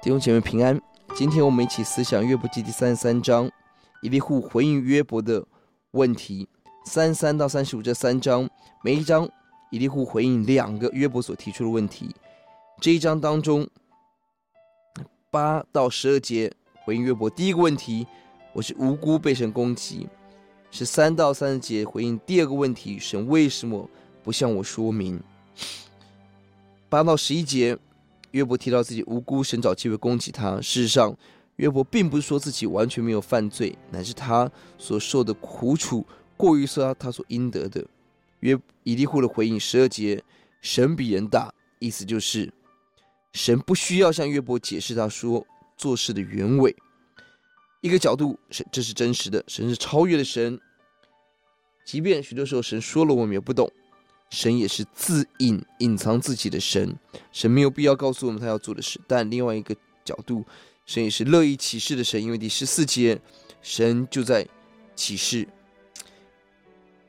弟兄姐妹平安，今天我們一起思想《約伯記》第三十三章，以利戶回應約伯的問題。三十三到三十五這三章，每一章以利戶回應兩個約伯所提出的問題。這一章當中，八到十二節回應約伯第一個問題：我是無辜被神攻擊。十三到三十節回應第二個問題：神為什麼不向我說明？八到十一節。約伯提到自己無辜，神找機會攻擊他。事實上，約伯並不是說自己完全沒有犯罪，乃是他所受的苦楚過於受到他他所應得的。約以利戶的回應十二節：神比人大，意思就是神不需要向約伯解釋他說做事的原委。一個角度是，這是真實的，神是超越的神。即便許多時候神說了，我們也不懂。神也是自隱隱藏自己的神，神沒有必要告訴我們他要做的事。但另外一個角度，神也是樂意啟示的神，因為第十四節，神就在啟示。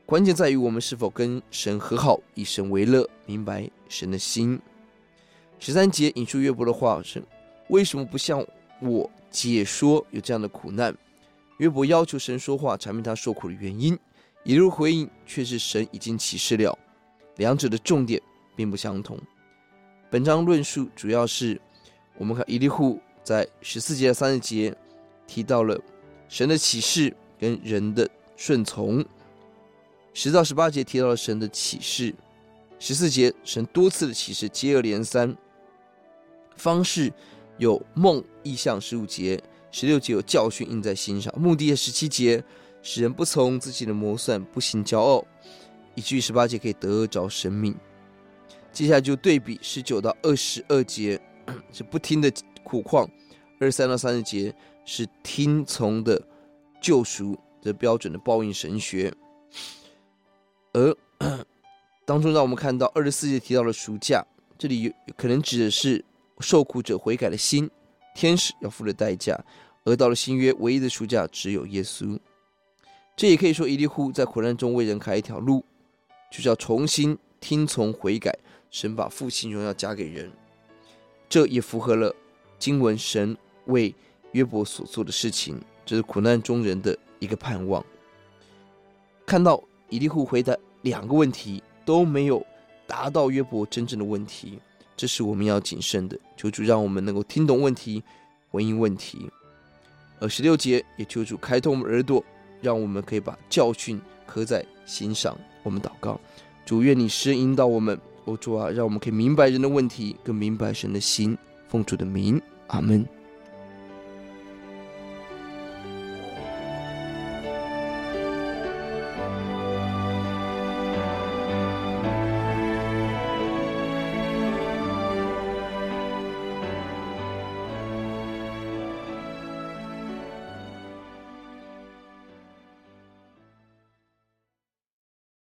關鍵在於我們是否跟神和好，以神為樂，明白神的心。十三節引述約伯的話：是，為什麼不向我解說有這樣的苦難？約伯要求神說話，闡明他受苦的原因。以利戶回應却是神已經啟示了。兩者的重點並不相同。本章論述主要是，我們看以利戶在十四節、三十節提到了神的啟示跟人的順從，十到十八節提到了神的啟示，十四節神多次的啟示，接二連三，方式有夢、異象、十五節、十六節有教訓印在心上，目的十七節使人不從自己的謀算，不行驕傲。以至於十八節可以得着生命，接下來就對比十九到二十二節是不聽的苦況，二十三到三十節是聽從的救贖，這標準的報應神學。而當中讓我們看到二十四節提到了贖價，這裡有可能指的是受苦者悔改的心，天使要付的代價，而到了新約唯一的贖價只有耶穌。這也可以說以利戶在苦難中為人開一條路。就是要重新聽從悔改，神把復興榮耀加給人，這也符合了經文神為約伯所做的事情。這是苦難中人的一個盼望。看到以利戶回答的兩個問題都沒有達到約伯真正的問題，這是我們要謹慎的。求主讓我們能夠聽懂問題，回應問題。而十六節也求主開通我們耳朵，讓我們可以把教訓。刻在心上，欣賞我們禱告。主願你施引導我們，我、哦、主啊，讓我們可以明白人的問題，更明白神的心，奉主的名，阿門。